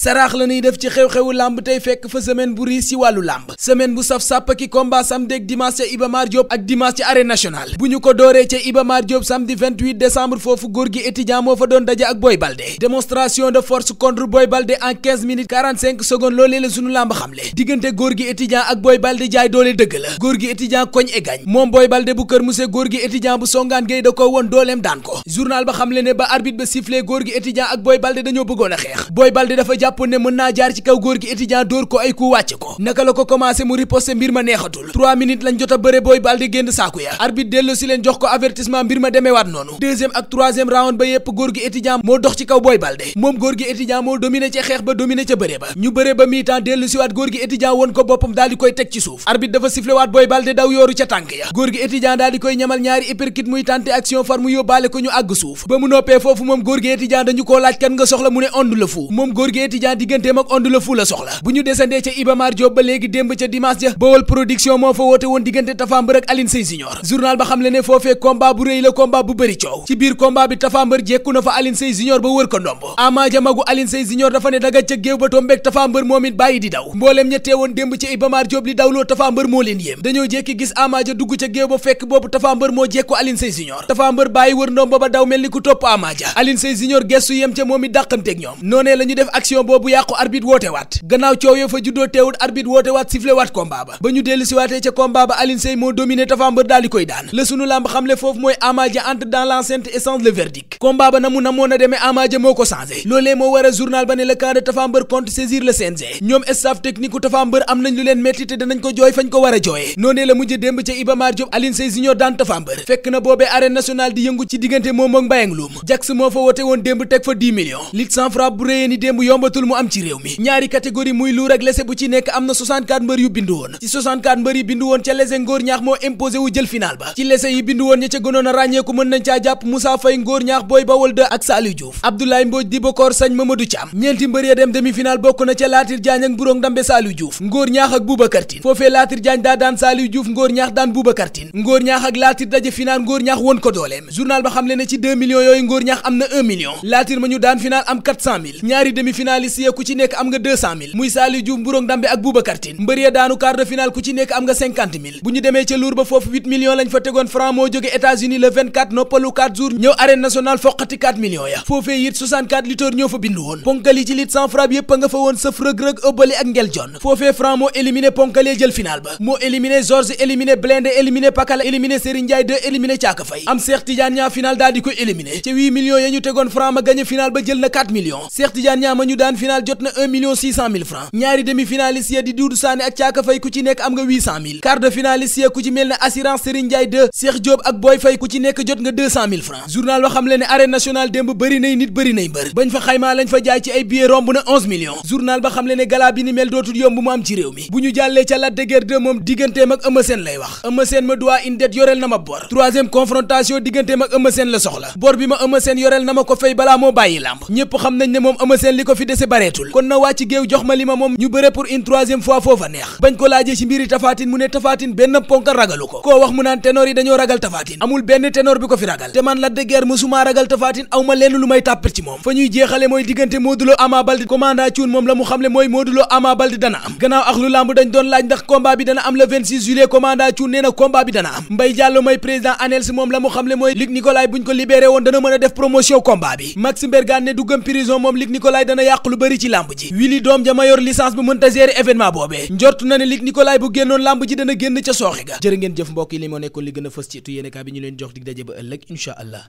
saraax la ñuy def ci xew-xewu làmb tey fekk fa semaine bu riis ci wàllu làmb semaine bu saf sàpp ki combat samedi ak dimanche ca Iba Mar ak dimanche ci arène nationale bu ñu ko dooree ca Iba Mar Diop samedi foofu góor gi étudiant moo fa doon daje ak Boy Baldé démonstration de force contre Boy Baldé en 15 minutes 45 secondes loolee la sunu làmb xamle diggante góor gi étudiant ak Boy Baldé jaay doole dëgg la góor gi étudiant koñ e gañ moom Boy Baldé bu kër Mousse góor a jàpp ne mën naa jaar ci kaw góor gi étudiant dóor ko ay ku wàcc ko naka la ko commencé mu riposte mbir ma neexatul trois minutes lañ jot a bëre booy bal di génn saaku ya arbitre dellu si leen jox ko avertissement mbir ma demeewaat noonu deuxième ak troisième round ba yépp góor gi étudiant moo dox ci kaw booy balde moom góor gi étudiant moo dominé ci xeex ba dominé ca bëre ba ñu bëre ba mi-temps dellu góor gi étudiant woon ko boppam daal di koy teg ci suuf Etudiant digganteem ak Onde le na fa Alioune Sèye Junior ba wër ko ndomb Ama Dia magu Alioune Sèye Junior dafa ne daga ca géew ba tombeeg Tapha Mbeur moom it bàyyi di daw mbooleem ñettee woon démb ca Iba Mar li dawloo Tapha Mbeur moo leen yéem dañoo jékki gis Ama Dia dugg ca géew ba fekk boobu Tapha Mbeur moo jekku Alioune Sèye Junior Tapha Mbeur bàyyi wër ndomb ba daw mel ni ku topp Ama Dia Alioune Sèye Junior gestu yem ca moom it dàqanteeg ñoom noonee lañu def action décision boobu yàqu arbitre woote waat gannaaw coow yo fa juddoo teewut arbitre woote waat sifflé waat combat ba ñu dellu si waatee ca combat ba Alioune moo dominé Tapha Mbeur koy daan la sunu làmb xamle foofu mooy Ama Dia entre dans l'enceinte et change le verdict combat na mu na a demee Ama Dia moo ko changé loolee moo war journal ba ne le camp de compte saisir le CNG ñoom staff technique u Tapha am nañ lu leen metti te danañ ko jooy fa bëtul mu am ci réew mi ñaari catégorie muy luur ak lese bu ci nekk am na 64 mbër yu bindu woon ci 64 mbër yi bindu woon ca lese ngóor ñaax moo imposé wu jël final ba ci lese yi bindu woon ña ca gënoon a ràññeeku mën nañ caa jàpp Moussa Faye ngóor ñaax Boy Bawol 2 ak Saliou Diouf Abdoulaye Mbodj Dibakor Sagne Mamadou Thiam ñeenti mbër dem demi-finale bokk na ca Latir Diagne ak Bourong Ndambe Saliou Diouf ngóor ñaax ak finaliste ya foofee it 64 ñoo fa bindu woon ponkali ci lit sans frappe yépp a nga fa woon sëf rëg-rëg ëbbali ak ngel jon foofee franc moo éliminé ponkali jël final ba moo éliminé Georges éliminé Blindé éliminé Pakala éliminé Serigne Ndiaye 2 éliminé Thiaka am Cheikh Tidiane ñaa final daal di ko éliminé ca 8 ya ñu tegoon franc ma gagné final ba jël na 4 millions Cheikh Tidiane ñaa ma ñu daan jot na million francs ñaari demi-finaliste ya di Doudou Sané ak Thiaka Faye ku ci nekk am nga 800 mille quart de ku ci mel ne assurance Serigne Ndiaye 2 Cheikh Diop ak Boy Faye ku ci nekk jot nga 200 francs journal ba xam ne arène nationale démb bëri nay nit bëri nay mbër bañ fa xaymaa lañ fa jaay ci ay billets romb na 11 journal ba xam ne gala bi ni mel dootul yomb mu am ci réew mi bu ñu jàllee ca Lac de Guiers moom digganteem ak dese bareetul kon na wàcc géew jox ma li ma moom ñu bëre pour une troisième fois foofa neex bañ ko laajee ci mbiri tafaatin mu ne tafaatin benn ponkal ragalu ko koo wax mu naan ténor yi dañoo ragal tafaatin amul benn ténor bi ko fi ragal te man la de guerre mësumaa ragal tafaatin aw lenn lu may tàppit ci moom fa ñuy jeexale mooy diggante Modou Lo Ama Baldé commanda moom la mu xamle mooy Modou Lo Ama dana am gannaaw ak lu lamb dañ doon laaj a def promotion combat bi Max Mbergane ne du gëm prison lu bëri ci làmb ji wili doom ja ma yor licence bu mënta gérer événement boobee njort na ne Luc Nicolaï bu génnoon làmb ji dana génn ca sooxe ga jërë ngeen jëf mbokk yi li moo nekkoon li gën a fës ci tu yéenekaay bi ñu leen jox dig daje ba ëllëg incha allah